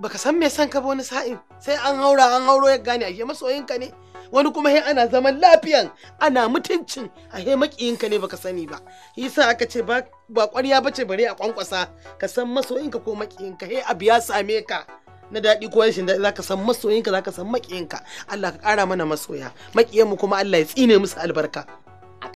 baka san me san ka ba wani sa'in sai an haura an hauro ya gane ashe masoyinka ne wani kuma he ana zaman lafiyan ana mutuncin a he makiyinka ne baka sani ba yasa aka ce ba ba ƙwarya bace bare a kwankwasa ka san masoyinka ko makiyinka he abu ya same ka na daɗi ko rashin daɗi zaka san masoyinka zaka san makiyinka Allah ka ƙara mana masoya makiyan mu kuma Allah ya tsine musu albarka